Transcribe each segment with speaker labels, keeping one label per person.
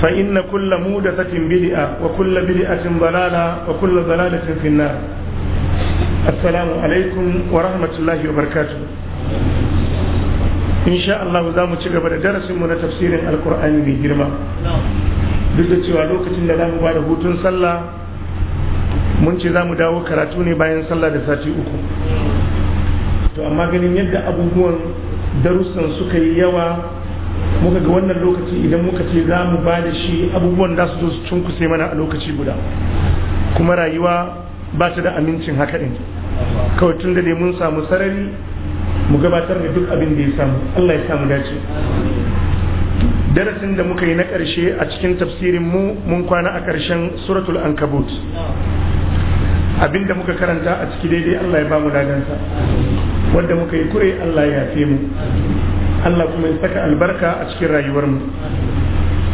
Speaker 1: فإن كل مودثة da وكل بدعة ضلالة وكل ضلالة في النار السلام عليكم ورحمة الله وبركاته إن شاء الله زامو تشغب درس من تفسير القرآن بجرمة duk da cewa lokacin da za mu bada hutun sallah mun ce za mu dawo karatu ne bayan sallah da sati uku to amma ganin yadda abubuwan darussan suka yi yawa muka ga wannan lokaci idan muka ce za mu ba da shi abubuwan da su zo su cunkuse mana a lokaci guda kuma rayuwa ba ta da amincin haka ɗin kawai tun da dai mun samu sarari mu gabatar da duk abin da ya samu Allah ya samu dace darasin da muka yi na ƙarshe a cikin tafsirin mu mun kwana a ƙarshen suratul ankabut da muka karanta a ciki daidai Allah ya ba mu dadansa wanda muka yi kure Allah ya yafe mu Allah kuma ya saka albarka a cikin rayuwarmu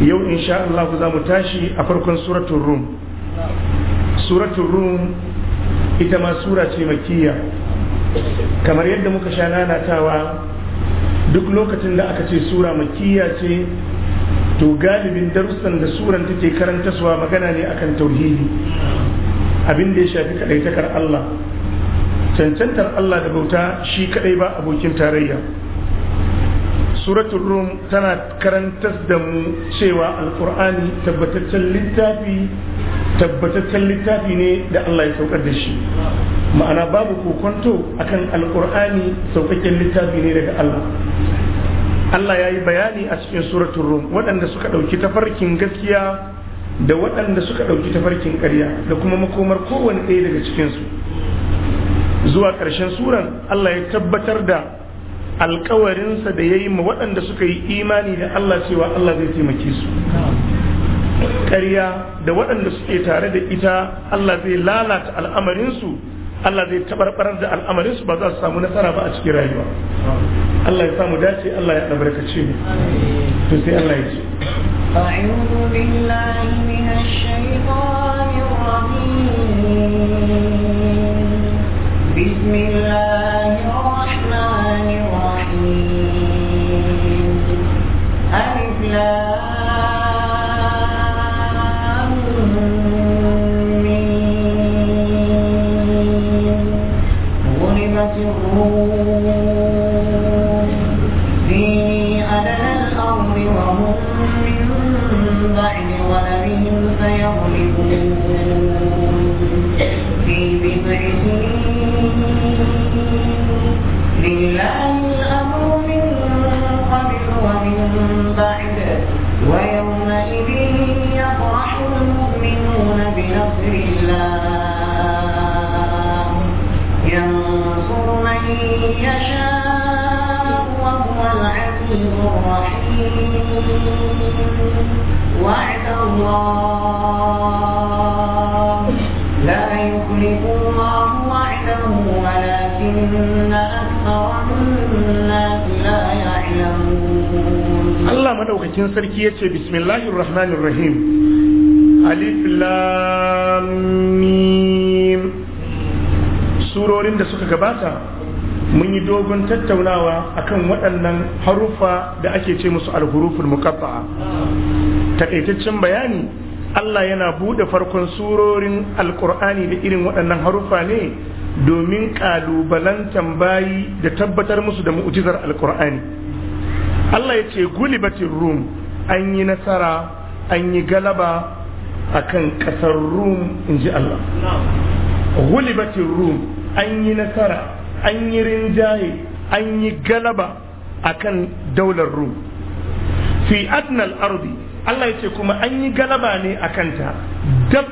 Speaker 1: yau insha Allah za mu tashi a farkon suratun rum suratul rum ita ma sura ce makiyya kamar yadda muka sha nanatawa duk lokacin da aka ce sura makiyya ce to galibin darussan da suran take karantaswa magana ne akan tauhidi abin da ya shafi kadaitakar Allah cancantar Allah da bauta shi kadai ba abokin tarayya suratul rum tana karantar da mu cewa alkur'ani tabbataccen littafi tabbataccen littafi ne da Allah ya saukar da shi ma'ana babu kokonto akan alkur'ani saukakken littafi ne daga Allah Allah ya yi bayani a cikin suratul rum waɗanda suka ɗauki tafarkin gaskiya da waɗanda suka ɗauki tafarkin ƙarya da kuma makomar kowane ɗaya daga cikinsu zuwa ƙarshen suran Allah ya tabbatar da alkawarinsa da ya yi ma waɗanda suka yi imani da Allah cewa Allah zai taimake su ƙarya da waɗanda suke tare da ita Allah zai lalata al'amarinsu Allah zai tabarbarar da al'amarinsu ba za su samu nasara ba a cikin rayuwa Allah ya samu dace Allah ya albarkace mu to sai Allah ya ce
Speaker 2: أعوذ بالله من الشيطان الرجيم بسم الله الرحمن الرحيم ألف لام غلبت الروم في أدنى الأرض وهم من بعد غلبهم سيغلبون الله
Speaker 1: لا يخلف
Speaker 2: الله وعده ولكن Allah
Speaker 1: madaukakin sarki ya ce bismillahir rahmanir rahim alif lam surorin da suka gabata mun yi dogon tattaunawa akan waɗannan haruffa da ake ce musu al-huruful muqatta'a takaitaccen bayani Allah yana buɗe farkon surorin alkur'ani da irin waɗannan haruffa ne domin ƙalubalen tambayi da tabbatar musu da mu'jizar alkur'ani Allah ya ce gulibatin rum an yi nasara an yi galaba a kan ƙasar rum in ji Allah gulibatin rum an yi nasara an yi rinjaye an yi galaba a kan daular rum fi adnal ardi Allah ya ce kuma an yi galaba ne a kanta dab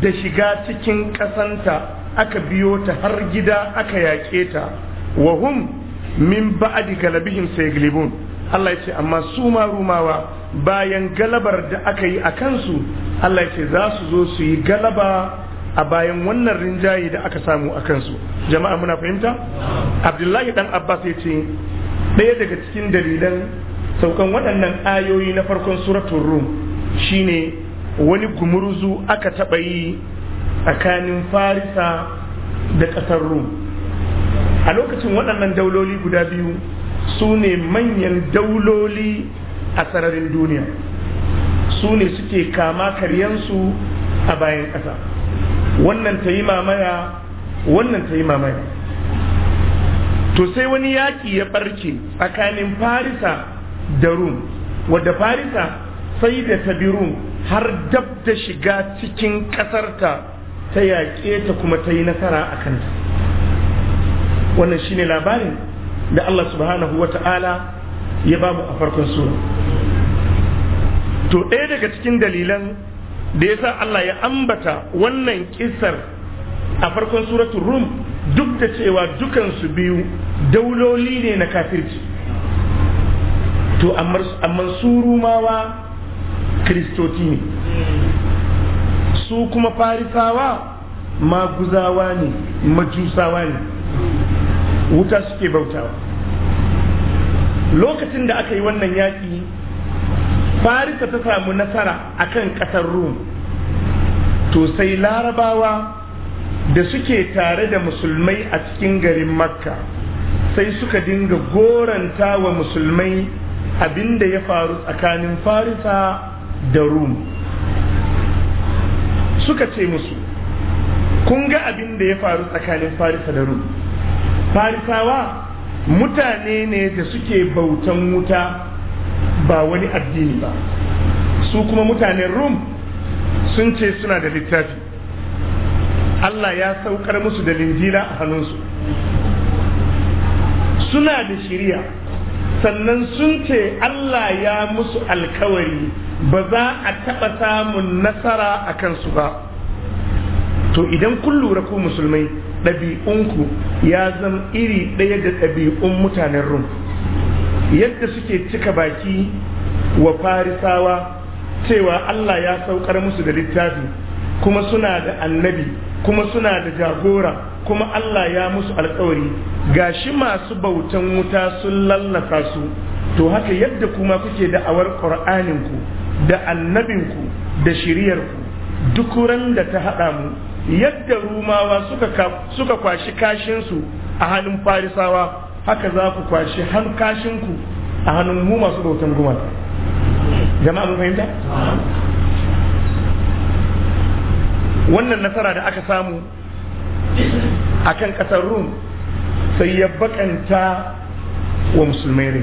Speaker 1: da shiga cikin ƙasanta aka biyo ta har gida aka yaƙe ta wa hum min ba'adi galabihim sayaglibun Allah ya ce amma su ma rumawa bayan galabar da aka yi a kansu Allah ya ce za su zo su yi galaba a bayan wannan rinjaye da aka samu a kansu jama'a muna fahimta abdullahi dan abbas ya ce ɗaya daga cikin dalilan saukan waɗannan ayoyi na farkon suratun rum shine wani gumurzu aka taɓa yi tsakanin farisa da ƙasar rum a lokacin waɗannan dauloli guda biyu su ne manyan dauloli a sararin duniya su ne suke kama karyansu a bayan ƙasa wannan ta yi mamaya wannan ta yi mamaya to sai wani yaƙi ya ɓarke tsakanin farisa da rum wadda farisa sai da ta bi rum har dab da shiga cikin ƙasarta ta yaƙe ta kuma ta yi nasara a kanta wannan shine labarin da Allah subhanahu wa ta'ala ya babu a farkon sura to ɗaya daga cikin dalilan da ya sa Allah ya ambata wannan kisar a farkon suratun rum duk da cewa dukansu biyu dauloli ne na kafirci to amma su rumawa kristoti ne su kuma farisawa maguzawa ne majusawa ne wuta suke bautawa lokacin da aka yi wannan yaƙi farisa ta samu nasara a kan ƙasar rum to sai larabawa da suke tare da musulmai a cikin garin makka sai suka dinga goranta wa musulmai abin da ya faru tsakanin farisa da rum suka ce musu kun ga abin da ya faru tsakanin farisa da rum farisawa mutane ne da suke bautan wuta ba wani addini ba su kuma mutanen rum sun ce suna da littafi Allah ya saukar musu da linjila a hannunsu suna da shirya sannan sun ce Allah ya musu alkawari ba za a taɓa samun nasara a kansu ba to idan kun lura ku musulmai ɗabi'unku ya zama iri ɗaya da ɗabi'un mutanen rum yadda suke cika baki wa farisawa cewa Allah ya saukar musu da littafi kuma suna da annabi kuma suna da jagora kuma Allah ya musu alkawari gashi masu bautan wuta sun lallasa su to haka yadda kuma kuke da'awar ƙur'aninku da annabinku da shiryarku, duk ran da ta haɗa mu yadda rumawa suka kwashi kashinsu a hannun farisawa haka za ku kwashi kashinku a hannun mu masu bautan gumata jama'a mun fahimta wannan nasara da aka samu a kan ƙasar rum sai ya bakanta wa musulmai ne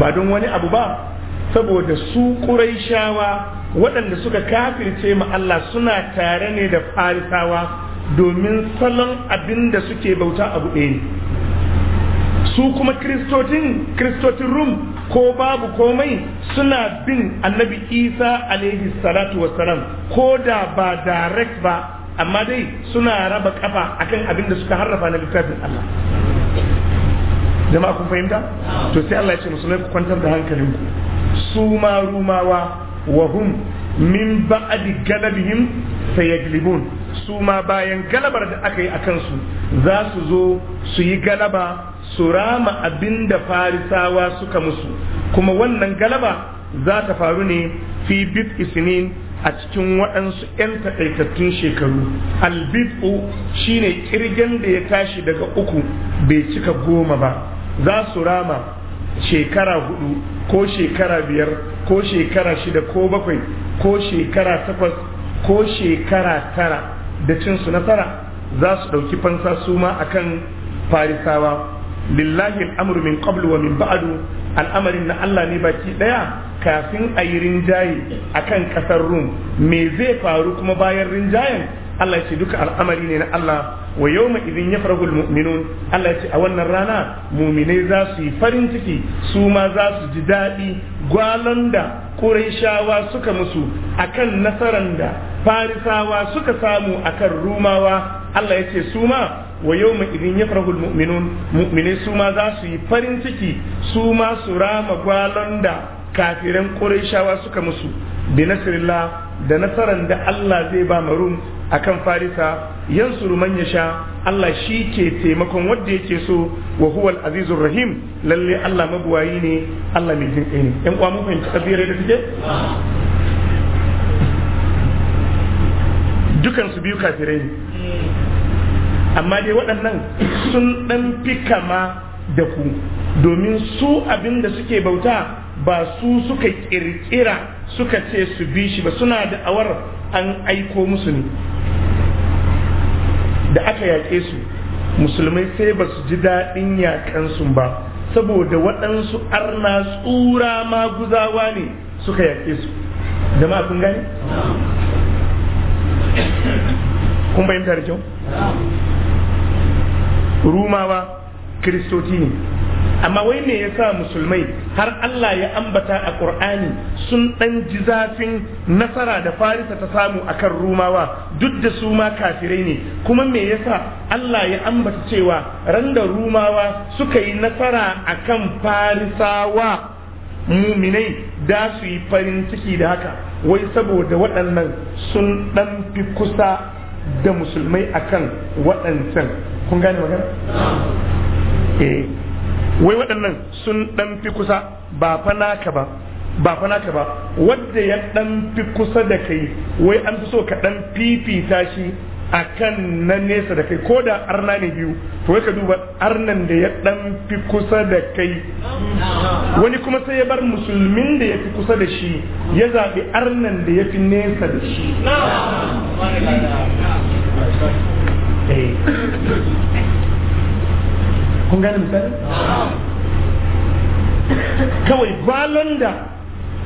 Speaker 1: ba don wani abu ba saboda su ƙuraishawa waɗanda suka kafirce ma Allah suna tare ne da farisawa domin salon abin da suke bauta abu ɗaya ne su kuma kristotin rum ko babu komai suna bin annabi isa alaihi salatu wassalam ko da ba direct ba amma dai suna raba kafa akan abin da suka harrafa na littafin Allah jama'a kun fahimta to sai Allah ya ce musulmai ku kwantar da hankalinku su ma rumawa wa hum min ba'di galabihim sayaglibun su ma bayan galabar da aka yi akan su za su zo su yi galaba su rama abin da farisawa suka musu kuma wannan galaba za ta faru ne fi bit isinin a cikin waɗansu 'yan taƙaitattun shekaru Albifu shine kirgin da ya tashi daga uku bai cika goma ba za su rama shekara hudu ko shekara biyar ko shekara shida ko bakwai ko shekara takwas ko shekara tara da cinsu nasara za su ɗauki fansa suma a kan farisawa lillahi al'amru min qablu wa min ba'du al'amarin na Allah ne baki daya kafin a yi rinjaye akan kasar Rum me zai faru kuma bayan rinjayen Allah ya ce duka al'amari ne na Allah wa yawma idin yafrahul mu'minun Allah ya ce a wannan rana muminai za su yi farin ciki su ma za su ji daɗi gwalon da Qurayshawa suka musu akan nasaran da Farisawa suka samu akan Rumawa Allah ya ce su ma wa yau ma idin ya farahul mu'minun muminai su ma za su yi farin ciki su ma su rama gwalon da kafiran ƙurashawa suka musu bi da nasaran da Allah zai ba marum kan farisa yansuru man sha Allah shi ke taimakon wanda yake so wa huwa azizur rahim lalle Allah mabuwayi ne Allah mai jin ne yan uwa fahimci tabirai da suke dukan su biyu kafirai ne amma dai waɗannan sun ɗan fi kama da ku domin su abin da suke bauta ba su suka ƙirƙira suka ce su bi shi ba suna da awar an aiko musu ne da aka yaƙe su musulmai sai ba su ji daɗin yaƙansu ba saboda waɗansu arna tsura ma guzawa ne suka yaƙe su jama'a kun gani? kun bayyanta da kyau? rumawa kiristoci ne amma wai me yasa musulmai har Allah ya ambata a Qur'ani sun dan ji zafin nasara da Farisa ta samu akan Rumawa duk da su ma kafirai ne kuma me yasa Allah ya ambata cewa ran da Rumawa suka yi nasara akan Farisawa muminai da su yi farin ciki da haka wai saboda waɗannan sun ɗan fi kusa da musulmai akan waɗancan kun gane magana? wai waɗannan sun ɗan fi kusa ba fa naka ba ba fa naka ba wanda ya ɗan fi kusa da kai wai an fi so ka ɗan fifita shi a kan na nesa da kai ko da arna ne biyu to wai ka duba arnan da ya ɗan fi kusa da kai wani kuma sai ya bar musulmin da ya fi kusa da shi ya zaɓi arnan da ya fi nesa da shi kun gane misali kawai balon da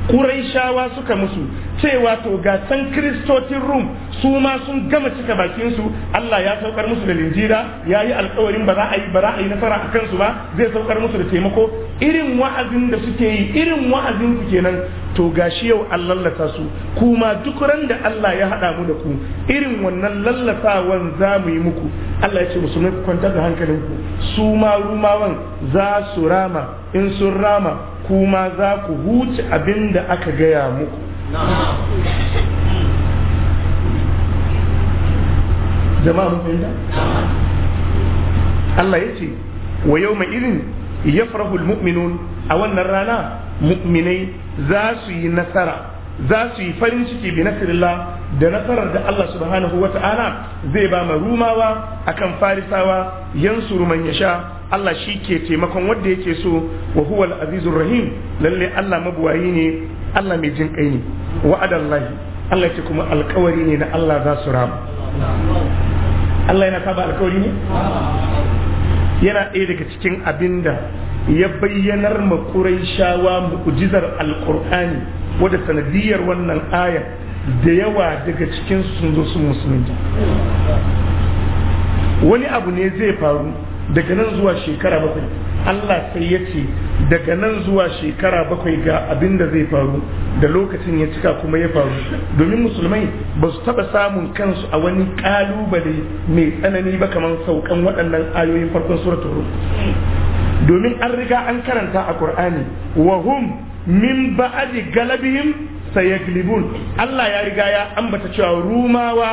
Speaker 1: ƙuraishawa suka musu cewa to ga san kiristocin rum su ma sun gama cika bakinsu Allah ya saukar musu da linjira ya yi alkawarin ba za a yi ba za a yi nasara a kansu ba zai saukar musu da taimako irin wa'azin da suke yi irin wa'azin su kenan to gashi yau an lallata su kuma duk ran da Allah ya haɗa mu da ku irin wannan lallatawan za mu yi muku Allah ya ce musulmai ku kwantar da hankalinku su ma rumawan za su rama in sun rama kuma za ku huce abin da aka gaya muku jama'a mun fahimta Allah ya ce wa yau mai irin yafrahul mu'minun a wannan rana mu'minai za su yi nasara za su yi farin ciki bi nasirillah da nasarar da Allah subhanahu wa ta'ala zai ba ma rumawa akan farisawa yansuru man sha Allah shi ke taimakon wanda yake so wa huwa al-azizur rahim lalle Allah mabuwayi ne Allah mai jin kai ne wa'adallahi Allah ce kuma alkawari ne na Allah za su rama Allah yana saba alkawari ne yana ɗaya daga cikin abinda ya bayyanar ma Qurayshawa mu'jizar Al-Qur'ani wadda sanadiyar wannan ayar da yawa daga cikin sun zo sun wani abu ne zai faru daga nan zuwa shekara bakwai Allah sai ya ce daga nan zuwa shekara bakwai ga abin da zai faru da lokacin ya cika kuma ya faru domin musulmai ba su taɓa samun kansu a wani ƙalubale mai tsanani ba kamar saukan waɗannan ayoyin farkon suratun
Speaker 3: rukun
Speaker 1: domin an riga an karanta a Qur'ani wa hum min ba'di galabihim sayaglibun Allah ya riga ya ambata cewa rumawa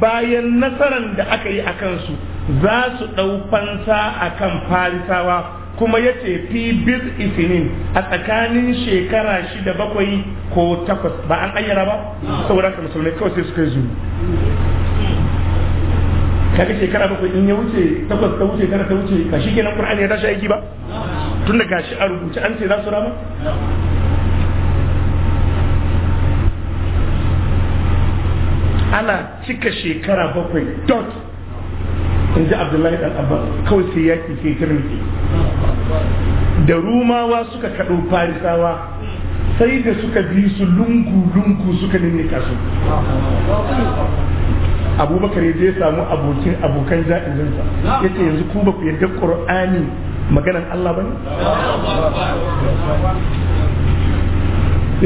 Speaker 1: bayan nasaran da aka yi a kansu za su ɗau fansa a kan farisawa kuma yace ce fi bir isinin a tsakanin shekara shida bakwai ko takwas ba an ayyana ba saboda haka musulmai kawai sai suka yi kaga shekara bakwai in ya wuce takwas ta wuce tara ta wuce ka shi kenan qur'ani ya tashi aiki ba Tun tunda gashi a rubuce an ce za su rama ana cika shekara bakwai dot in ji abdullahi dan abbas kawai sai yaki sai turmiki da rumawa suka kaɗo farisawa sai da suka bi su lungu-lungu suka nemi kasu abubakar ya je samu abokin abokan ja'izinsa ya ce yanzu ku ba ku yarda ƙur'ani maganan Allah ba ne?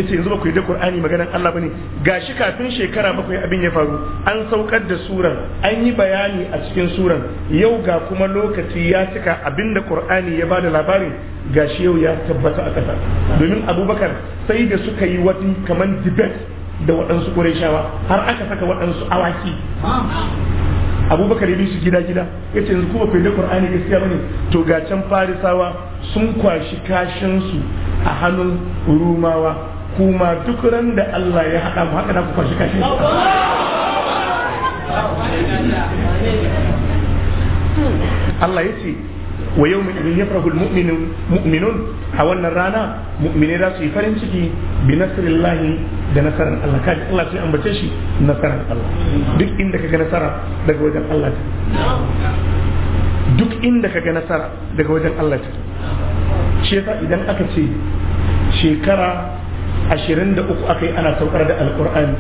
Speaker 1: ya ce yanzu ba ku yarda qur'ani maganan Allah ba ne kafin shekara bakwai abin ya faru an saukar da suran an yi bayani a cikin suran yau ga kuma lokaci ya cika abinda qur'ani ya bada labarin Gashi yau ya tabbata a ƙasa domin abubakar sai da suka yi wani kamar debate da waɗansu ƙureshawa har aka saka waɗansu awaki abubakar ya bi su gida gida ya ce yanzu kuma kwaida ƙur'ani gaskiya bane to ga can farisawa sun kwashi kashinsu a hannun rumawa kuma duk ran da Allah ya haɗa mu haka na ku kwashi kashin Allah ya ce wa yau mai idan ya mu'minun a wannan rana mu'mini za su yi farin ciki bi da nasarar Allah ka ji Allah sai ambace shi nasarar Allah duk inda kaga nasara daga wajen Allah ce duk inda kaga nasara daga wajen Allah ce shi yasa idan aka ce shekara 23 aka yi ana saukar da alkur'ani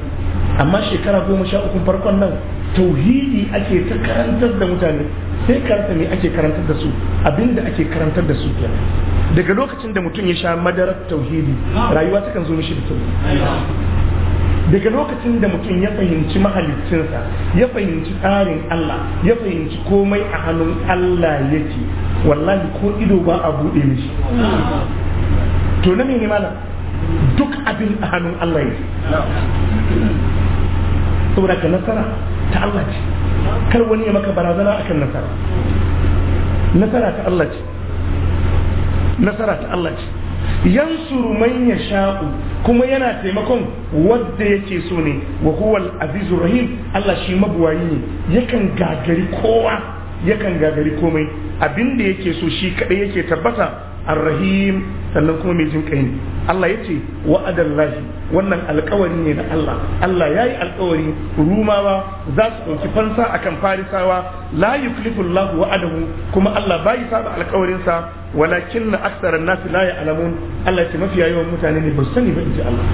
Speaker 1: amma shekara 13 farkon nan tauhidi ake ta karantar da mutane sai karanta ne ake karantar da su abinda ake karantar da su kenan daga lokacin da mutum ya sha madarar tauhidi rayuwa ta kan zo mishi da tauhidi daga lokacin da mutum ya fahimci mahalicinsa ya fahimci tsarin Allah ya fahimci komai a hannun Allah yake wallahi ko ido ba a buɗe mishi to na ne mana duk abin a hannun Allah yake saboda ka nasara ta Allah ce kar wani ya maka barazana akan nasara nasara ta Allah ce nasara ta Allah ce yansuru man Sha'u kuma yana taimakon wanda yake so ne wa azizu azizur rahim Allah shi mabuwayi ne yakan gagari kowa yakan gagari komai abin da yake so shi kadai yake tabbata ar sannan kuma mai jin kai ne Allah ya ce wa'adallahi wannan alkawari ne na Allah Allah ya yi alkawari rumawa za su ɗauki fansa akan farisawa la yuklifu Allah wa'adahu kuma Allah bai saba alkawarinsa walakin na aksara nasu la ya alamun Allah ce mafiya yawan mutane ne ba su sani ba in ji Allah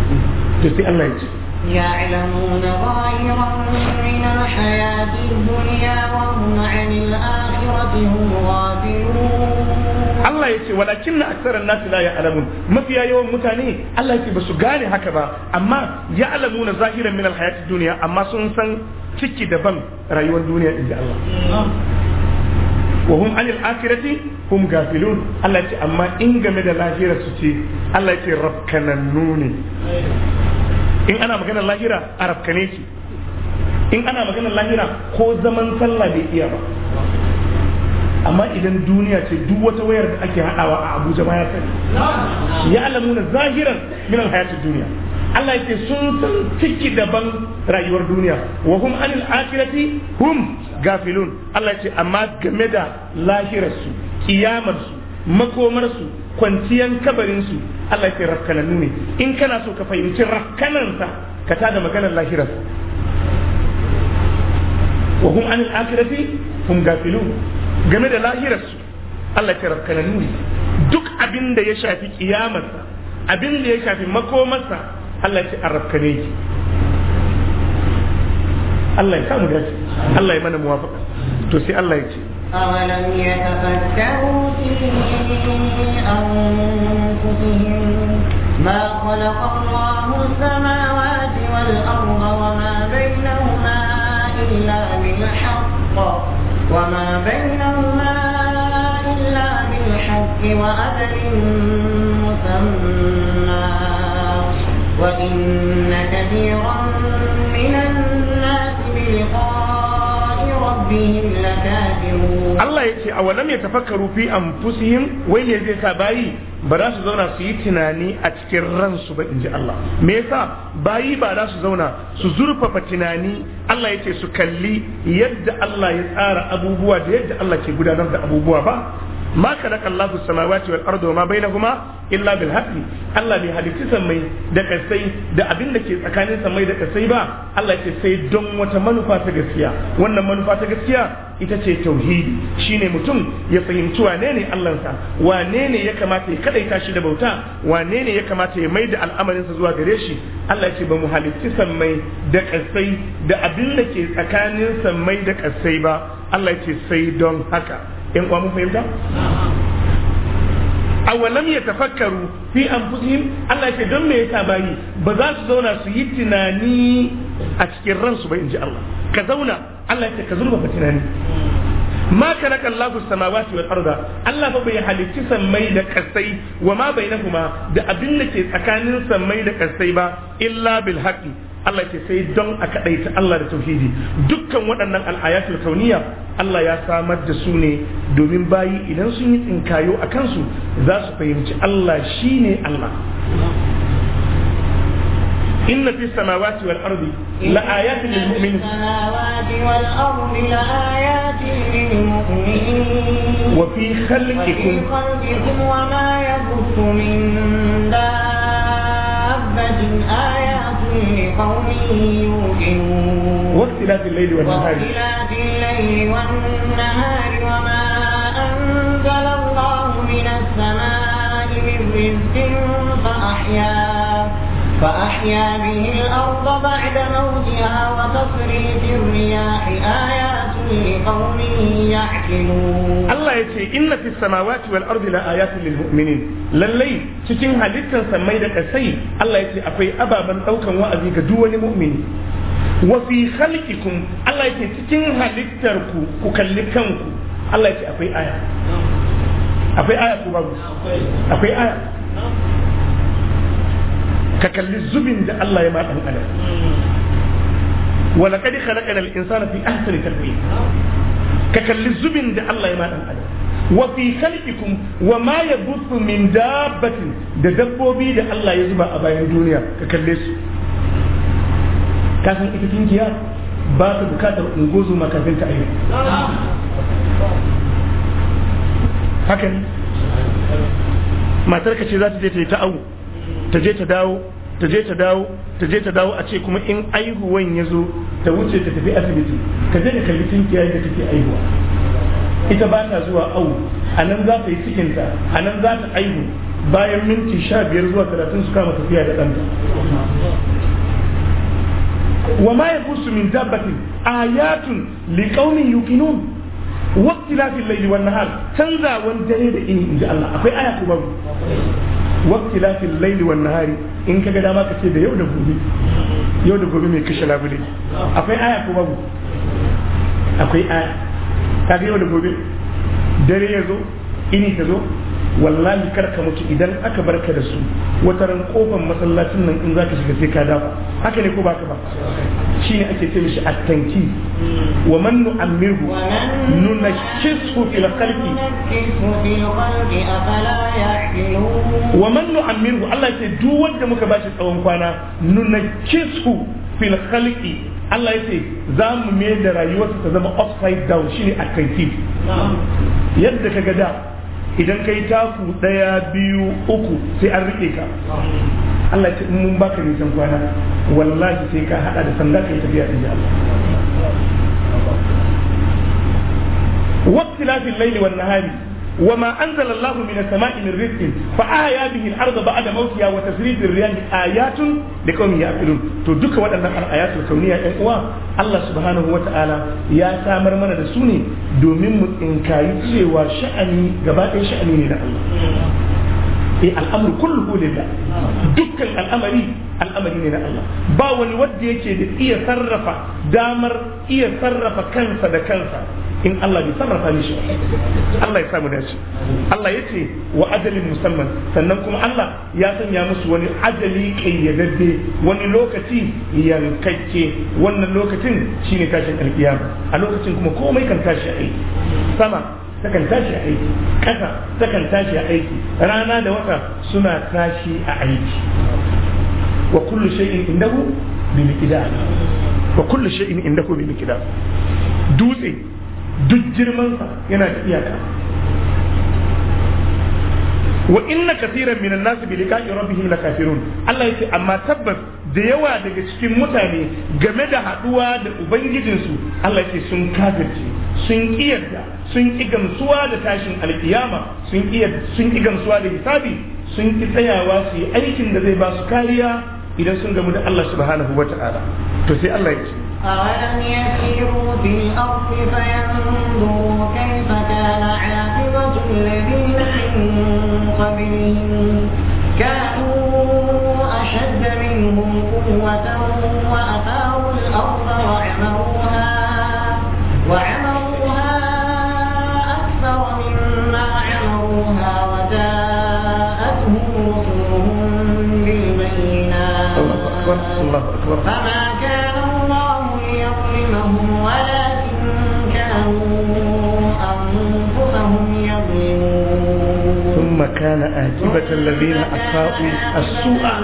Speaker 1: to sai Allah ya ce
Speaker 2: يعلمون ظاهرا من الحياة الدنيا وهم عن الآخرة هم غافلون
Speaker 1: Allah ya ce walakin na aksaran nasu la ya'lamun mafiya yawan mutane Allah ya ce ba su gane haka ba amma ya'lamuna zahiran min alhayati duniya amma sun san ciki daban rayuwar duniya inda Allah wa hum anil akhirati hum gafilun Allah ya ce amma in game da lahira su ce Allah ya ce rabkanannu ne in ana maganar lahira arabkane ki in ana maganar lahira ko zaman sallah bai iya ba amma idan duniya ce duk wata wayar da ake haɗawa a abuja ma ya sani ya alamuna zahiran minan alhayatin duniya Allah ya ce sun san ciki daban rayuwar duniya wa hum anil akhirati hum gafilun Allah ya ce amma game da lahirar su kiyamar su makomar su kwanciyan kabarin su Allah ya ce rafkananu ne in kana so ka fahimci rafkanansa ka tada maganar lahirar wa hum anil akhirati hum gafilun game da lahirarsu Allah ya rafkana nuni duk abin da ya shafi kiyamarsa abin da ya shafi makomarsa Allah ya arrafkane ki Allah ya samu dace Allah ya mana muwafaka to sai Allah ya ce
Speaker 2: أولم يتفكروا في أنفسهم ما خلق الله السماوات والأرض وما بينهما إلا بالحق وما بينهما إلا بالحق وأجل مسمى وإن
Speaker 1: كثيرا
Speaker 2: من الناس بلقاء
Speaker 1: fihim lakafirun Allah yace a wannan ya tafakkaru fi anfusihim wai me zai sa bayi ba za su zauna su yi tunani a cikin ransu ba inji Allah me yasa bayi ba za su zauna su zurfafa tunani Allah yace su kalli yadda Allah ya tsara abubuwa da yadda Allah ke gudanar da abubuwa ba ma khalaqa Allahu samawati wal arda wama bainahuma illa bil haqqi Allah bai halitta sammai da kasai da abin da ke tsakanin sammai da kasai ba Allah ce sai don wata manufa ta gaskiya wannan manufa ta gaskiya ita ce tauhidi shine mutum ya fahimci wane ne Allahnsa wane ne ya kamata ya kadaita shi da bauta wane ne ya kamata ya maida al'amarinsa zuwa gare shi Allah ce ba mu halitti sammai da kasai da abin da ke tsakanin sammai da kasai ba Allah ce sai don haka in kwa mun fahimta awalam ya tafakkaru fi anfusihim Allah ce don me yasa bayi ba za su zauna su yi tunani a cikin ransu ba inji Allah ka zauna Allah ce ka zurfafa tunani ma karaka Allah samawati wal arda Allah fa bai halicci sammai da kasai wa ma bainahuma da abin da ke tsakanin sammai da kasai ba illa bil haqqi Allah ce sai don a kaɗaita Allah da tauhidi dukkan waɗannan al'ayatul kauniya Allah ya samar da su ne domin bayi idan sun yi tsinkayo a kansu za su fahimci Allah shi ne Allah inna fi samawati wal ardi la ayatin lil mu'minin wa fi khalqikum
Speaker 2: wa ma yabuthu min dabbatin ayatin لقوم
Speaker 1: يوقنون واختلاف الليل والنهار واختلاف
Speaker 2: الليل والنهار وما أنزل الله من السماء من رزق فأحيا به الأرض بعد موتها وتصريف الرياح آية
Speaker 1: لقوم يعقلون الله يتي إن في السماوات والأرض لآيات للمؤمنين للي cikin halittar sammai da kasai Allah ya ce akwai ababen daukan wa'azi ga duk wani mu'mini wa fi Allah ya ce cikin halittar ku kalli kanku Allah ya ce akwai aya akwai aya ko akwai ka kalli zubin da Allah ya ma dan adam wala kadi khalaqana al-insana fi ahsani taqwim ka kalli zubin da Allah ya ma dan adam wa fi khalqikum wa ma yabuthu min dabbatin da dabbobi da Allah ya zuba a bayan duniya ka kalle su kafin ita tunkiya ba ta bukatar ungozu kafin ta ayyuka haka ne matar ka ce za ta je ta yi ta'awu ta je ta dawo ta je ta dawo ta je ta dawo a ce kuma in aihuwan ya zo ta wuce ta tafi asibiti ka je ka kalli tinkiya da take aihuwa ita ba ta zuwa awu a nan za ta yi cikinta a nan za ta aihu bayan minti sha biyar zuwa talatin su kama tafiya da ɗanta wa ma ya busu min dabbatin ayatun liƙaunin yukinun waktilafin laili wannan hal canzawan dare da ini inji ji Allah akwai aya babu waqtilafil laili wa nahari in kaga dama ka ce da yau da gobe yau da gobe mai kashe labule akwai aya ko babu akwai aya ta yau da gobe dare ya zo ini ta zo wallahi kar ka mutu idan aka barka da su wata ran kofar masallacin nan in zaka shiga sai ka dafa haka ne ko baka ba shine ake ce mishi attanki. wa man nu'ammirhu nunakkisu fil khalqi wa man nu'ammirhu Allah ya duk wanda muka bashi tsawon kwana nunakkisu fil khalqi Allah ya ce za mu mai da rayuwarsa ta zama upside down shine at-tanki yadda ga da idan kai taku daya biyu uku sai an rike ka Allah ce mun baka nisan kwana wallahi sai ka hada da sanda kai tafiya in ji Allah waqtilafil layli wan nahari وما أنزل الله من السماء من رزق فأحيا به الأرض بعد موتها وتسريب الرياح آيات لقوم يعقلون to duka waɗannan الآيات الكونية ɗan uwa Allah subhanahu wataala ya samar mana da su ne domin mu tsinkayi cewa sha'ani gaba ɗaya sha'ani ne da Allah eh al'amru kulluhu lillah dukkan al'amari al'amari ne na Allah ba wani wanda yake da iya sarrafa damar iya sarrafa kansa da kansa in Allah bai sarrafa mishi Allah ya samu dace Allah ya ce wa ajalin musamman sannan kuma Allah ya sanya musu wani ajali kayyadadde wani lokaci yankake, wannan lokacin shi ne tashin alkiyama a lokacin kuma komai kan tashi aiki sama takan tashi a aiki ƙasa takan tashi a aiki rana da wata suna tashi a aiki wa kullu shay'in indahu bi miqdar wa kullu shay'in indahu bi miqdar dutse duk girman sa yana da iyaka wa inna kathiran minan nas bi liqa'i rabbihim lakafirun Allah yace amma tabbas da yawa daga cikin mutane game da haduwa da ubangijinsu Allah yace sun kafirce sun kiyarta sun ki gamsuwa da tashin alkiyama sun kiyarta sun ki gamsuwa da hisabi sun ki tsayawa su yi aikin da zai ba su kariya idan sun gamu da Allah subhanahu wa ta'ala to sai Allah ya ce
Speaker 2: أولم يسيروا في الأرض فينظروا كيف كان عاقبة الذين من قبلهم كانوا أشد منهم قوة وأثاروا الأرض وعمروها وعمروها أكبر الله أكبر فما كان الله ليظلمهم ولكن كانوا أنفسهم
Speaker 1: يظلمون ثم كان آجبة الذين أساءوا السوء الله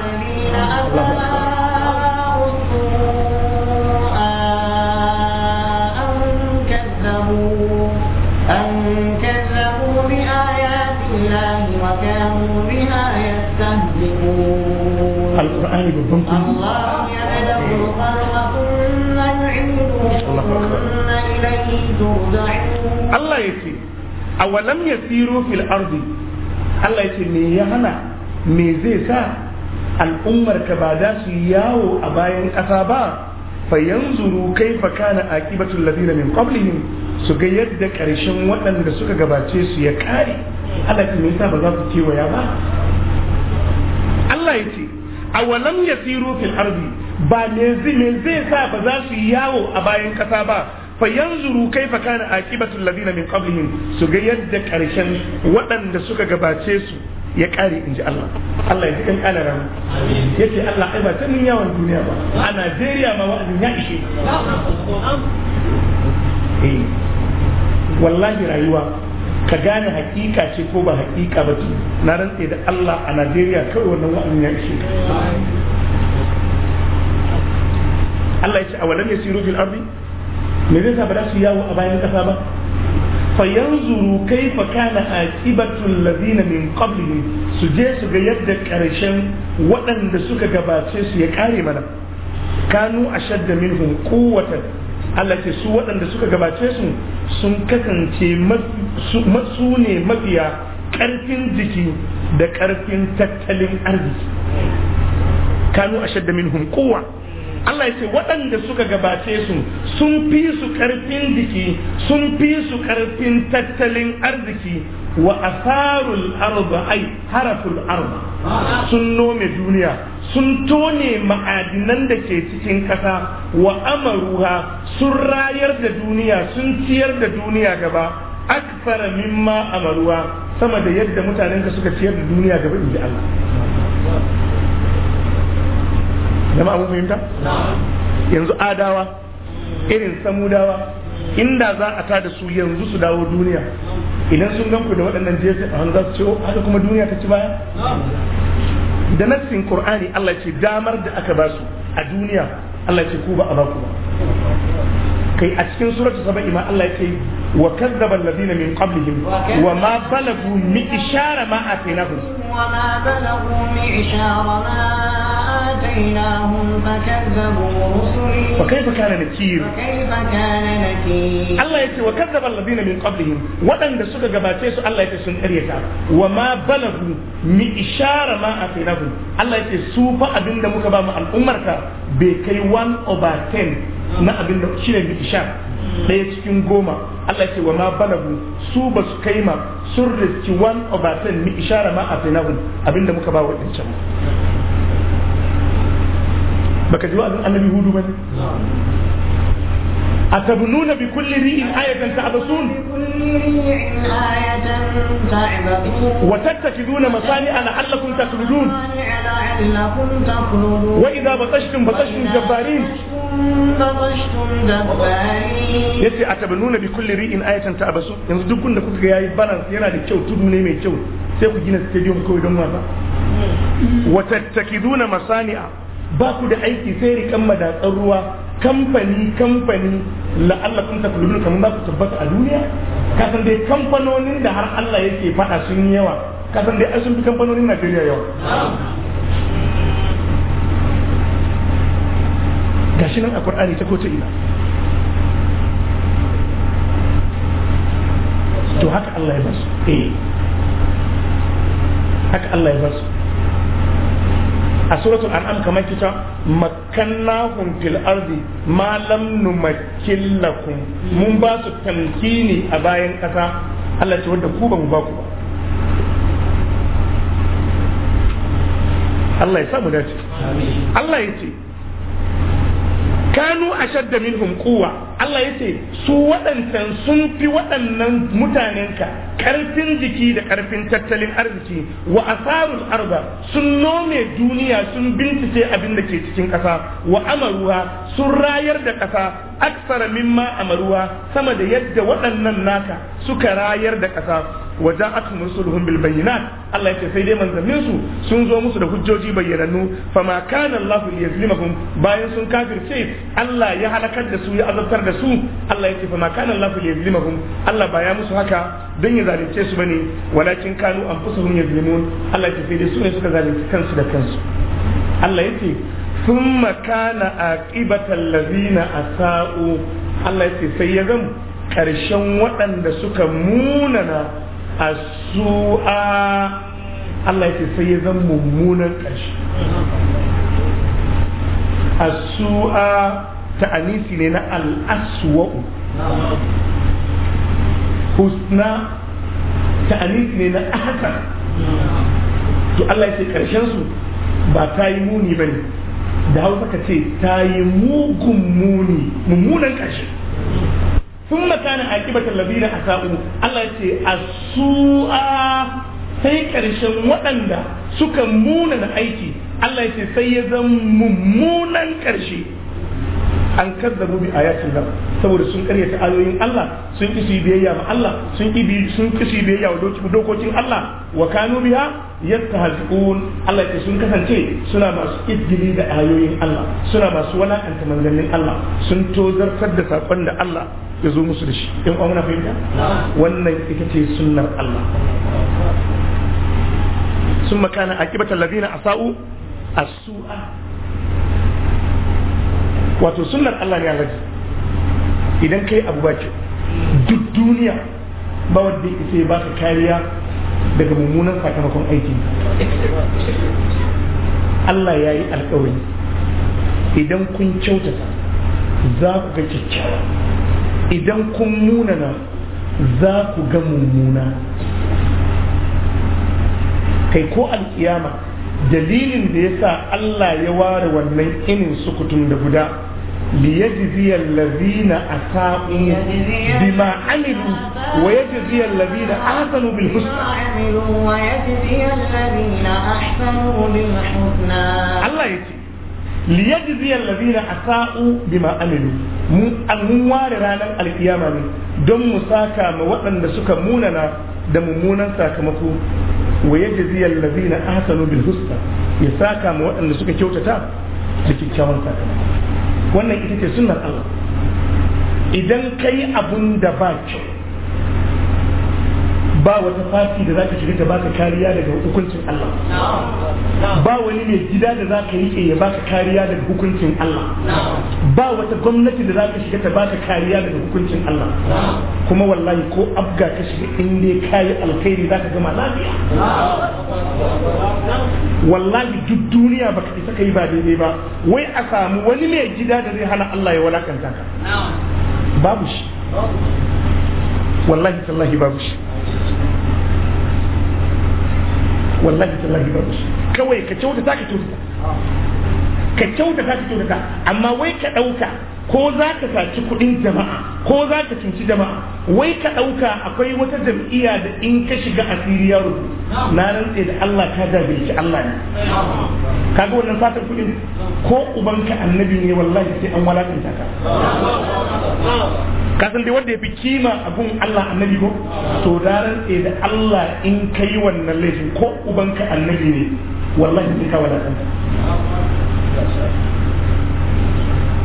Speaker 1: أكبر alqur'ani babban kuɗi Allah
Speaker 2: ya yadahu khalqa thumma yu'iduhu thumma ilayhi turja'un
Speaker 1: Allah yace awalam yasiru fil ardi Allah ya ce me ya hana me zai sa al'ummar ka ba za su yawo a bayan ƙasa ba Fa yanzu fayanzuru kaifa kana aqibatul ladina min qablihim su ga yadda ƙarshen waɗanda suka gabace su ya kare Allah ya sa ba za su kewaya ba Allah ya ce A awalam yasiru fil ardi ba me zai sa ba za su yi yawo a bayan kasa ba fa yanzuru kaifa kana aqibatu alladhina min qablihim su ga yadda karshen waɗanda suka gabace su ya kare inji Allah Allah ya kan kana ran yace Allah ai ba ta mun yawan duniya ba a Najeriya ma wa'azin ya ishe eh. wallahi rayuwa ka gane hakika ce ko ba hakika ba ce na rantse da Allah a Najeriya kawai wannan wa'azin ya ishe Allah ya ce a walam yasiru fil ardi me zai sa ba za su yawo a bayan kasa ba fa yanzuru kaifa kana aqibatul ladina min qablihim su je su ga yadda karshen waɗanda suka gabace su ya kare mana kanu ashadda minhum quwwatan Allah ce su waɗanda suka gabace su sun kasance mafi su ne mafiya ƙarfin jiki da ƙarfin tattalin arziki kanu ashadda min kowa. Allah ya ce waɗanda suka gabace su sun fi su ƙarfin jiki sun fi su ƙarfin tattalin arziki wa asarul arba ai harafin arba sun nome duniya sun tone ma'adinan da ke cikin ƙasa wa amaruha sun rayar da duniya sun ciyar da duniya gaba akfara mimma amaruwa sama da yadda mutanen ka suka ciyar da duniya gaba inji Allah dama abu fahimta yanzu adawa irin samudawa inda za a tada su yanzu su dawo duniya idan sun ganku da waɗannan jesu a hannu za su haka kuma duniya ta ci baya da nassin qur'ani Allah ce damar da aka ba su a duniya Allah ce ku ba a ba ku ba kai a cikin suratu saba'i ma Allah ce وكذب الذين من قبلهم وما بلغوا معشار ما آتيناهم
Speaker 2: وما بلغوا معشار ما آتيناهم فكذبوا رسلي فكيف
Speaker 1: كان نكير فكيف كان نكير الله يتي وكذب الذين من قبلهم ودن da suka gabace su Allah yace sun ƙaryata wa ma balagu mi ishara ma atinahu Allah yace su fa abinda muka ba mu al'ummarka bai kai wan over na abinda shine bi ɗaya cikin goma Allah ce wa ma balagu su ba su kai ma sun riski wan obatan ten ni ishara ma a finahun abinda muka ba wadda can baka ji wa'azin annabi hudu ba ne a bi ta أتبنون بكل ريع آية تعبثون وتتخذون مصانع لعلكم تخلدون وإذا بطشتم بطشتم jabbarin yace a taba nuna bi kulli ri'in ayatan basu yanzu duk da kuka ga yayi balance yana da kyau tudu ne mai kyau sai ku gina stadium kawai don wasa wa tattakiduna masani'a ba ku da aiki sai rikan madatsar ruwa kamfani kamfani la'allakum takulun kamar ba ku tabbata a duniya kasan dai kamfanonin da har Allah yake fada sun yawa kasan dai sun bi kamfanonin Najeriya
Speaker 3: yawa
Speaker 1: gashi nan a qur'ani ta kota ina to haka Allah ya ba su eh haka Allah ya ba su a suratul an'am kamar kita makkannahum fil ardi ma lam numakkil lakum mun ba su tamkini a bayan kasa Allah ya wanda ku ba mu ba ku ba Allah ya samu dace Allah ya ce kanu ashadda minhum quwwa Allah yace su waɗancan sun fi waɗannan mutanenka ƙarfin jiki da ƙarfin tattalin arziki wa asarul arba sun nome duniya sun bincike abin da ke cikin ƙasa wa amaruwa sun rayar da ƙasa aksara mimma amaruwa sama da yadda waɗannan naka suka rayar da ƙasa wa ja'atuhum rusuluhum bil bayyinat Allah ya ce sai dai manzannin su sun zo musu da hujjoji bayyanannu fama kana Allah liyazlimahum bayan sun kafirce Allah ya halakar da su ya azabtar da su Allah ya ce fa fama kana Allah liyazlimahum Allah ba ya musu haka dan ya zalunce su bane walakin kanu anfusuhum yazlimun Allah ya ce sai dai su ne suka zalunci kansu da kansu Allah ya ce thumma kana aqibatan ladina asa'u Allah ya ce sai ya zama Karshen waɗanda suka munana a su'a Allah ya sai ya zan mummunan ƙarshe a su'a ta anisi ne na al'aswa'u husna ta anisi ne na ahsan to Allah ya ce ƙarshen su ba ta yi muni ba ne da hausa ka ce ta yi mugun muni mummunan ƙarshe sun makana akibatar labina a sa'u Allah ce a su'a sai ƙarshen waɗanda suka munana aiki Allah ce sai ya zan mummunan ƙarshe an kazzabu bi yakin nan saboda sun karyata ayoyin Allah sun kisi biyayya ma Allah sun kibi biyayya wa dokokin Allah wa kanu biha yastahzi'un Allah ya sun kasance suna masu izgili da ayoyin Allah suna masu walakanta manzannin Allah sun tozartar da saƙon da Allah ya zo musu da shi in kuma fahimta wannan ita ce sunnar Allah sun makana akibatar lazina a sa'u a su'a wato sunnar Allah ne alaji idan kai abu ba duk duniya ba wanda ya isa ya baka kariya daga mummunan sakamakon aiki, Allah ya yi alkawari idan kun kyautata za ku ga kyakkyawa idan kun munana za ku ga mummuna kai ko alkiyama dalilin da ya sa Allah ya ware wannan inin sukutun da guda ليجزي الذين أساءوا بما
Speaker 2: عملوا ويجزي الذين أحسنوا بالحسنى ويجزي الذين أحسنوا بالحسنى الله يجزي
Speaker 1: ليجزي الذين أساءوا بما عملوا mun ware ranar alkiyama ne don mu saka ma waɗanda suka munana da mummunan sakamako wa yajzi allazina ahsanu bil husna ya saka ma waɗanda suka kyautata da sakamako wannan ita ce sunnar Allah idan kai abun da ba kyau ba wata fati da zaka shiga ta baka kariya daga hukuncin Allah ba wani mai gida da zaka yi ya baka kariya daga hukuncin Allah ba wata gwamnati da zaka shiga ta baka kariya daga hukuncin Allah kuma wallahi ko abga ka shiga in dai kayi alkhairi zaka gama lafiya wallahi duk duniya baka isa kai ba daidai ba wai a samu wani mai gida da zai hana Allah ya walakanta ka babu shi wallahi tallahi babu shi wallahi tallahi ba su kawai ka kyauta ta ka kyauta ka kyautata ka kyautata amma wai ka ɗauka ko za ka saci kuɗin jama'a ko za ka cuci jama'a wai ka ɗauka akwai wata jam'iyya da in ka shiga asiri yaro na rantse da Allah ka shi Allah ne kaga wannan fatan kuɗin ko ubanka annabi ne wallahi sai an walakanta ka ka san dai wanda ya fi kima a gun Allah annabi ko to da rantse da Allah in kai wannan laifin ko ubanka annabi ne wallahi sai ka walakanta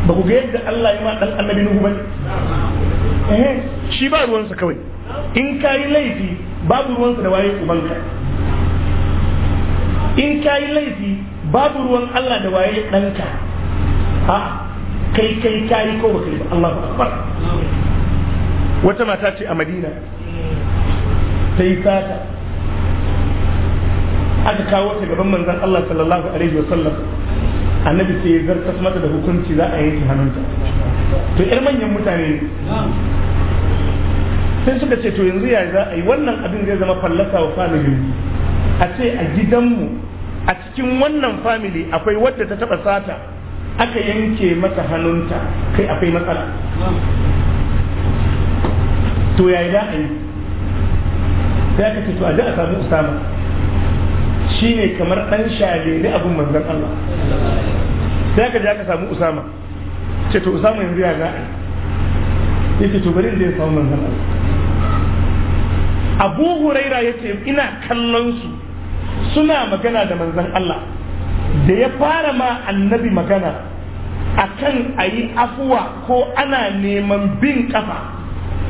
Speaker 1: ba ku ga yadda Allah ya ma dan annabi nuhu bane eh shi ba ruwansa kawai in ka yi laifi babu sa da waye ubanka in ka yi laifi babu ruwan Allah da waye ɗanka ha kai kai ka yi ko ba kai ba Allah ba akbar wata mata ce a Madina ta yi aka kawo ta gaban manzon Allah sallallahu alaihi wa sallam annabi sai ya zartas mata da hukunci za a yanke hannunta to yar manyan mutane sai suka ce to yanzu ya za a yi wannan abin zai zama fallasa wa family a ce a gidanmu a cikin wannan family akwai wadda ta taba sata aka yanke mata hannunta kai akwai matsala to yi za a yi sai aka ce to a ji a samu usama Shi ne kamar dan ne abin manzan Allah sai ka je ka samu Usama ce to Usama yanzu ya za'a ce to bari zai samu manzan Allah Abu Huraira ya ce ina kallon su suna magana da manzan Allah da ya fara ma annabi magana a a ayi afuwa ko ana neman bin kafa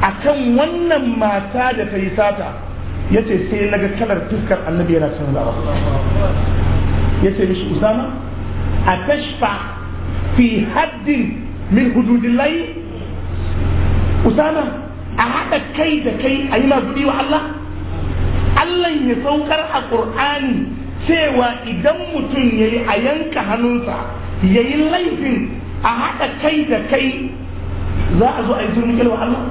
Speaker 1: akan wannan mata da ta yi sata ya ce sai na ga kalar fuskar annabi yana canzawa ya ce mishi usama a tashfa fi haddin min hududin layi usama a haɗa kai da kai a yi masu wa Allah Allah ya saukar a ƙur'ani cewa idan mutum ya yi a yanka hannunsa ya yi laifin a haɗa kai da kai za a zo a yi turmi wa Allah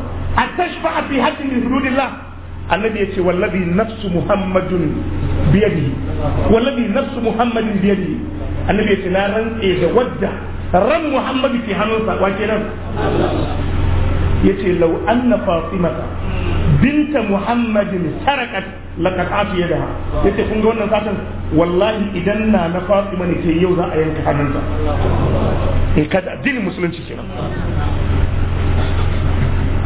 Speaker 1: a tashfa fi haddin min hududin layi annabi yace wallazi nafsu muhammadun biyadi nafsu muhammadin biyadi annabi yace na rantse da wadda ran muhammadu ke hannunsa wa kenan yace law anna fatimata binta muhammadin sarakat laqad afiya da yace kun ga wannan satan wallahi idan na na fatima ne ke yau za a yanka hannunsa in eh, kada addinin musulunci kenan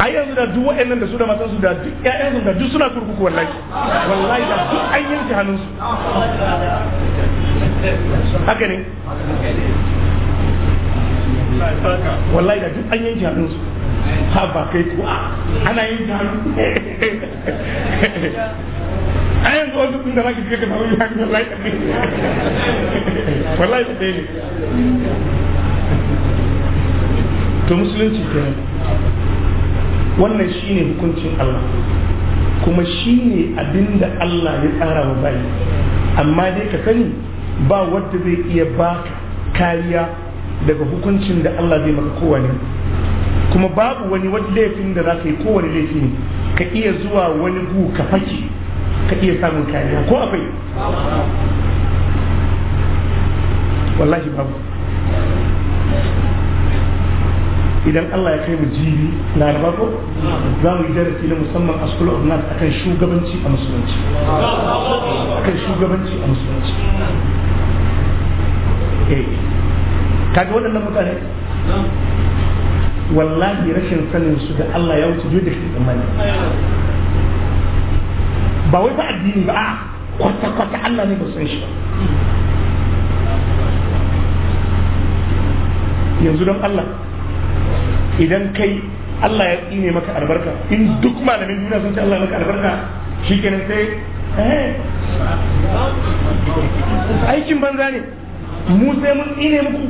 Speaker 1: a yanzu da duk wa'annan da su da matansu da duk ƴaƴansu da duk suna kurkuku wallahi wallahi da duk an yanke hannunsu haka ne wallahi da duk an yanke hannunsu ha ba kai kuwa ana yanke hannu a yanzu wasu sun da zaki ka samu yanzu wallahi da wallahi da ne to musulunci kenan wannan shine hukuncin Allah kuma shine da Allah ya tsara wa bayi amma dai ka sani ba wanda zai iya ba kariya daga hukuncin da Allah zai maka kowane kuma babu wani wani laifin da za ka yi kowane laifi ne ka iya zuwa wani guka ka fake ka iya samun kariya ko akwai wallahi babu idan Allah ya kai mu jibi da bako za mu yi darasi na musamman a school of nas akan shugabanci a musulunci akan shugabanci a musulunci eh waɗannan mutane wallahi rashin sanin su da Allah ya wuce duk da shi tsammani ba wai ba addini ba a kwata-kwata Allah ne ba san shi yanzu don Allah idan kai Allah ya tsine maka albarka in duk malamin duniya sun ce Allah ya maka albarka shi kenan sai eh. aikin banza ne mu sai mun tsine muku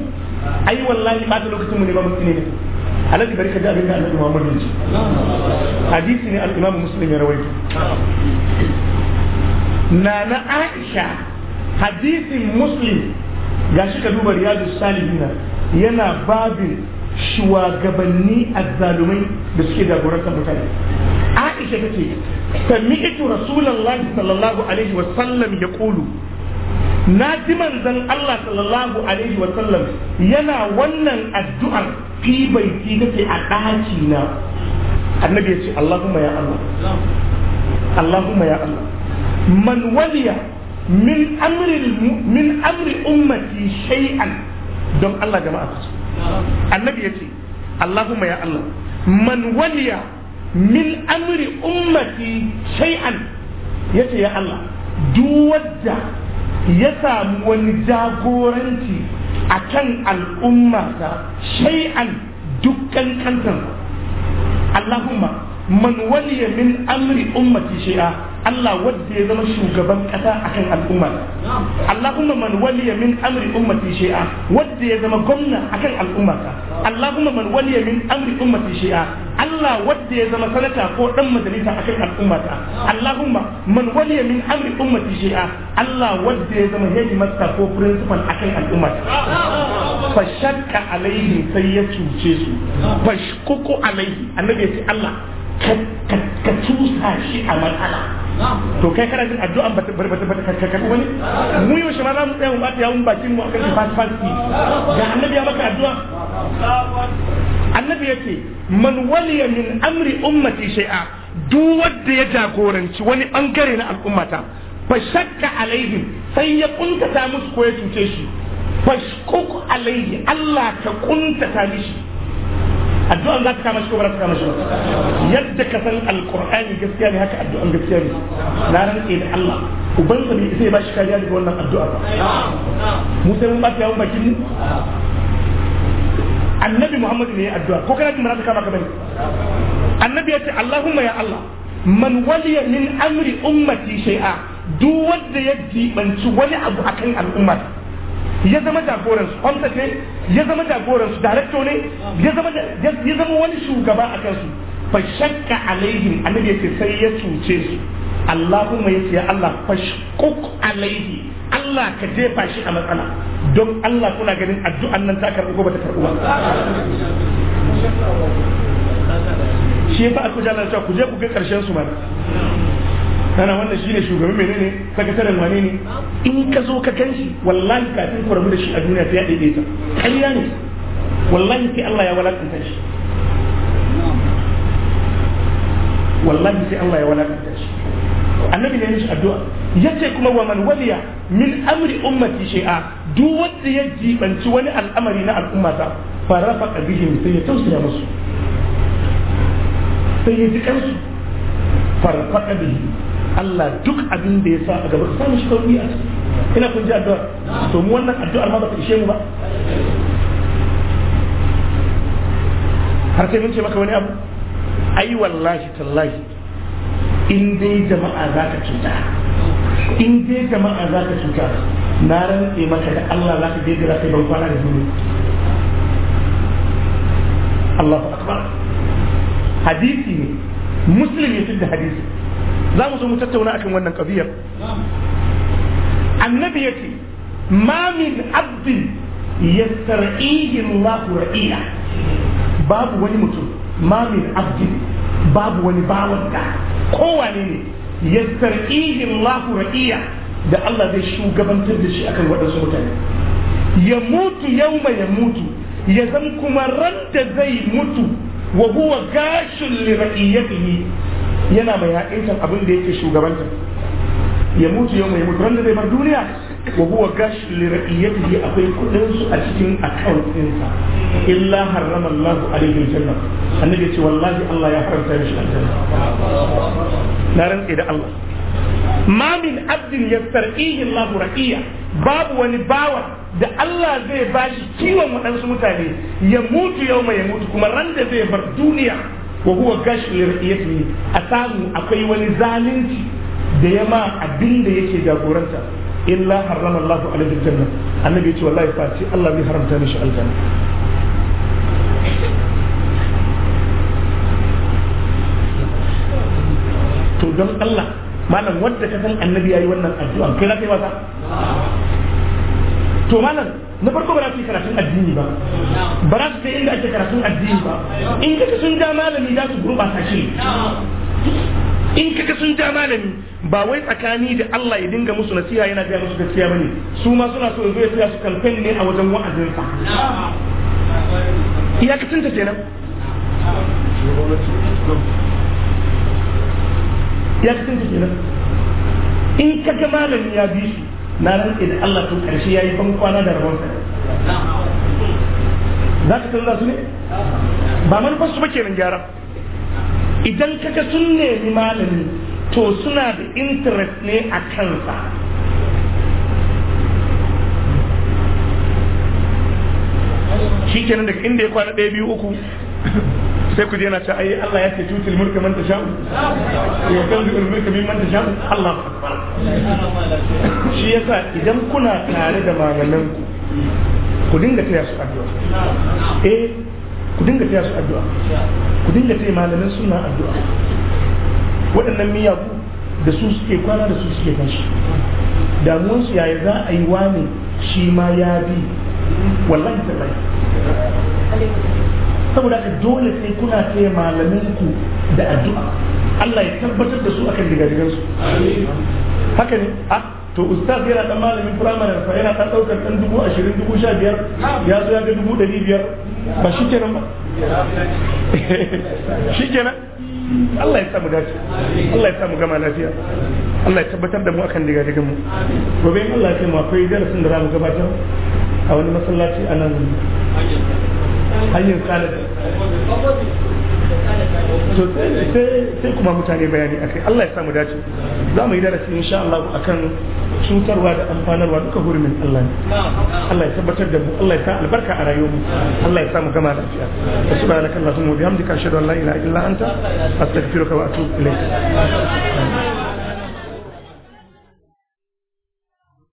Speaker 1: ai wallahi ba ta lokacin mu ne ba mun tsine ne alaji bari ka ji abin da Allah ya ya ji hadisi ne al-Imam muslim ya rawaito na na aisha hadisin muslim ga shi ka duba riyadu salihina yana babin shugabanni azzalumai da suke jagorantar mutane aisha ta ce ta sami'tu rasulullahi sallallahu alaihi wa sallam ya kulu na ji manzon Allah sallallahu alaihi wa sallam yana wannan addu'ar fi baiti nake a ɗaci na annabi ya ce Allahumma ya Allah Allahumma ya Allah man waliya min amri min amri ummati shay'an don Allah jama'a annabi ya ce Allahumma ya Allah man waliya min amri ummati shay'an yace ya Allah wadda ya samu wani jagoranci a kan al'ummata shay'an dukkan kantan Allahumma man waliya min amri ummati shay'a Allah wadda ya zama shugaban kasa akan al'umma Allahumma man waliya min amri ummati shay'a wadda ya zama gwamna akan al'umma ta, Allahumma man waliya min amri ummati shay'a Allah wadda ya zama sanata ko dan majalisa akan al'umma ta, Allahumma man waliya min amri ummati shay'a Allah wadda ya zama headmaster ko principal akan al'umma ta, fa shakka alaihi sai ya cuce su fashkuku alaihi annabi ya ce Allah ka cusa shi a matsala to kai kana jin ta bata ta bata ta kai wani mu yau shi ma za mu tsaya mu bata ta bakin mu akan shi fast fast ga annabi ya maka addu'a annabi yace man waliya min amri ummati shay'a duk wanda ya jagoranci wani bangare na al'ummata fa shakka alaihim sai ya kuntata musu ko ya cuce shi fashkuk alaihi Allah ka kuntata mishi addu'an za ka kama shi ko ba za ka kama shi ba yadda ka san alqur'ani gaskiya ne haka addu'an gaskiya ne na rantse da Allah ubansa bai sai ba shi kariya daga wannan addu'a ba mu sai mun ba ta bakin annabi Muhammad ne ya addu'a ko kana jin ba ka kama ka bane annabi ya ce Allahumma ya Allah man waliya min amri ummati shay'a duk wanda ya jibanci wani abu akan al'ummar ya zama jagoransu kwamsat ne ya zama jagoransu darakto ne ya zama wani shugaba a kansu fashakka alaihim annabi ya ce sai ya cuce su Allahumma ya Allah fashkuk alaihi Allah ka jefa shi a matsala don Allah kuna ganin addu'an nan ta karɓi ko bata karɓi ba shi fa aku jalla ku je ku ga ƙarshen su ma kana wannan shine shugaban menene sakataren wane ne in ka zo ka ganshi wallahi kafin ku rabu da shi a duniya sai ya daidaita ƙarya ne wallahi sai Allah ya walakanta shi wallahi sai Allah ya walakanta shi annabi ne mishi addu'a yace kuma wa man waliya min amri ummati shay'a duk wanda ya jibanci wani al'amari na al'ummata fa rafaqa bihim sai ya tausaya musu sai ya ji kansu farfaqa bihim Allah duk abin da ya sa a gaba ka samu shi sauki a ina kun ji addu'a to mu wannan addu'ar ma ba ta ishe mu ba har sai mun ce maka wani abu ai wallahi tallahi in dai jama'a za ka cuta in dai jama'a za ka cuta na rantse maka da Allah za ka je da sai ban kwana da duniya Allahu akbar hadisi ne muslim ya da hadisi za mu zo mu tattauna akan wannan kabiyar annabi ya ce ma min abdin yastar'ihi Allah ra'iya babu wani mutum ma min abdin babu wani bawan da kowane ne ya yastar'ihi Allah ra'iya da Allah zai shugabantar da shi akan waɗansu mutane ya mutu yau yauma ya mutu ya zan kuma ran da zai mutu wa huwa gashin li ra'iyatihi yana mai haƙintan abin da yake shugabanta ya mutu yau mai mutu da zai bar duniya wa huwa gash li akwai kudin su a cikin account ɗinsa illa harrama Allah alaihi aljanna annabi ce wallahi Allah ya haramta mishi aljanna na rantsi da Allah ma min abdin yastar'ihi Allah ra'iya babu wani bawa da Allah zai bashi kiwon waɗansu mutane ya mutu yau mai mutu kuma ran da zai bar duniya wa huwa gashlir yake a samu akwai wani zalunci da ya ma abin da yake jagoranta illa harrama Allahu alaihi janna annabi ya ce wallahi fa Allah zai haramta mishi aljanna to don Allah malam wanda ka san annabi yayi wannan addu'a kai za ka ba masa to malam na farko bara za su yi karatun addini ba bara su sai inda ake karatun addini ba in kaka sun ja malami za su gurɓata shi in kaka sun ja malami ba wai tsakani da Allah ya dinga musu nasiha yana gaya musu gaskiya bane su ma suna so yanzu ya tsaya su kamfen ne a wajen wa'azinsa iyakacin ta kenan iyakacin ta kenan in kaka malami ya bi shi na rantse da Allah tun karshe ya yi kwana da rabon sa za ka canza su ne ba manufar su ba nan gyara idan kaka sun nemi malami to suna da interest ne a kansa shi kenan daga inda ya kwana ɗaya biyu uku sai ku je na ta ai Allah ya ce tutul mulka man tasha wa min man ta sha'u Allah shi yasa idan kuna tare da malaman ku ku dinga taya su addu'a eh ku dinga taya su addu'a ku dinga taya malaman suna addu'a waɗannan miyagu da su suke kwana da su suke kanshi damuwarsu yaya za a yi wani shi ma ya bi wallahi tallahi saboda ka dole sai kuna taya malamin ku da addu'a Allah ya tabbatar da su akan digadigan su haka ne a ah, to ustaz yana dan malamin firamare fa yana ta daukar dan dubu ashirin dubu sha biyar ya zo ya ga dubu ɗari biyar ba shi kenan ba shi kenan Allah ya samu dace Allah ya samu gama lafiya Allah ya tabbatar da mu akan diga mu gobe in Allah ya kai mu akwai darasin da za mu gabatar a wani masallaci a nan hanyar tsala to sai kuma mutane bayani akai Allah ya samu dace za mu yi darasi insha Allah akan cutarwa da amfanarwa duka hurumin Allah ne Allah ya tabbatar da mu Allah ya sa albarka a rayuwar mu Allah ya samu gama lafiya wa subhanaka allahumma wa bihamdika ashhadu an la ilaha illa anta astaghfiruka wa atubu ilayk